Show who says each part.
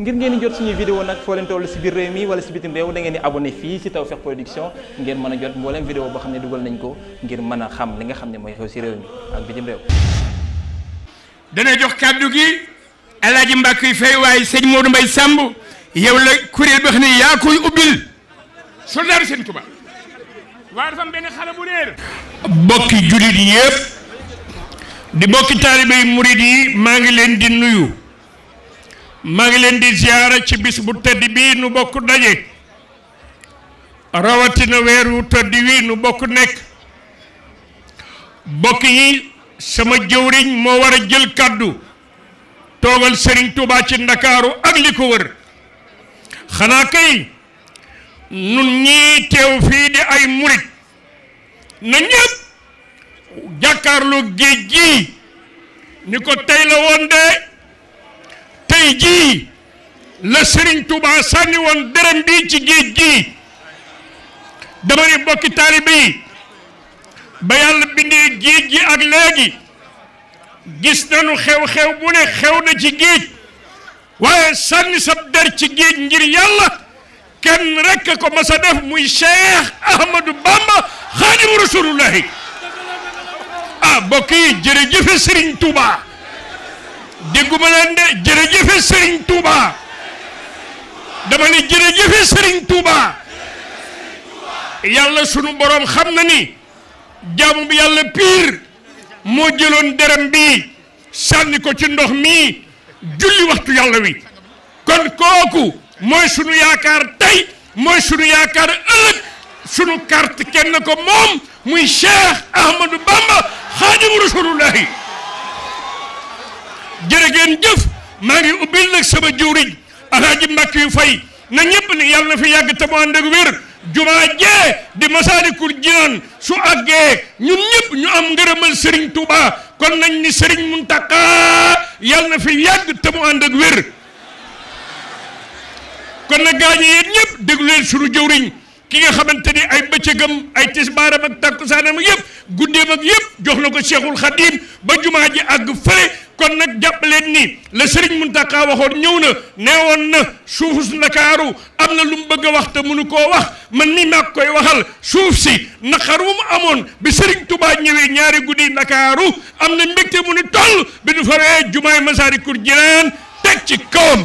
Speaker 1: ngir ngeen di jot suñuy vidéo nag foo leen toll si biir réew mi wala si bitim réew da ngeen di abonné fii si Tawfekh Production ngeen mën a jot mbooleem vidéo boo xam ne dugal nañ ko ngir mën a xam li nga xam ne mooy xew si réew mi ak bitim réew dana jox kàddu gi alaaji mbàkk fay waaye sëñ Modou Mbaye Samb yow la kuréel ba xam ne yaa koy ubbil soldaaru sëñ Tuubaa waaye dafa am benn xale bokki julit yëpp di bokki taalibe yi murid yi maa ngi leen di nuyu maa ngi leen di ziyaara ci bis bu tëdd bii nu bokk daje rawatina weeru tëdd wi nu bokk nekk bokk yi sama jëwriñ moo war a jël kàddu toogal Serigne Touba ci ndakaaru ak li ko wër xanaa kay nun ñii teew fii di ay murit na ñëpp jàkkaarlu géej gii ni ko tey la woon de géej gi la Serigne Touba sànni woon dërëm ci géej gi dama ne mbokki taalibe ba yàlla bindee géej gi ak léegi gis nanu xew-xew bu ne xew na ci géej waaye sànni sab der ci géej ngir yàlla kenn rekk ko mas a def muy Cheikh Ahmadou Bamba Xaadimu Rasulullahi ah mbokk yi jërëjëfe Serigne Touba. dégguma leen de jërëjëfe Serigne Touba dama ne jërëjëfe Serigne Touba yàlla sunu borom xam na ni jaamu bi yàlla pire moo jëloon derem bi sànni ko ci ndox mi julli waxtu yàlla wi kon kooku mooy sunu yaakaar tey mooy sunu yaakaar ëllëg sunu carte kenn ko moom muy Cheikh Ahmadou Bamba xaadimu rasulullahi jërë ngeen jëf maa ngi ubbil nag sama jëwriñ alaaji Mbàkke yu fay na ñëpp ne yàlla na fi yàgg te mu ànd ak wér jumaa jee di Masaalikul Jinaan su àggee ñun ñëpp ñu am ngërëmal Serigne Touba kon nañ ni Serigne Mountakha yàlla na fi yàgg te mu ak wér kon na gaañe yéen ñëpp déglu leen suñu jëwriñ ki nga xamante ni ay bëccëgam ay tisbaaram ak takkusaanam yëpp guddeem ak yëpp jox na ko Cheikhul Khadim ba jumaa ji àgg fële kon nag japp leen ni la Serigne Mountakha waxoon ñëw na neewoon na suufus Ndakaaru am na lu mu bëgg a te mënu koo wax man ni maa koy waxal suuf si naqar wu mu amoon bi Serigne Touba ñëwee ñaari guddi Ndakaaru am na mbégte mu ni toll bi du faree jumaay Masaalikul Jinaan teg ci kawam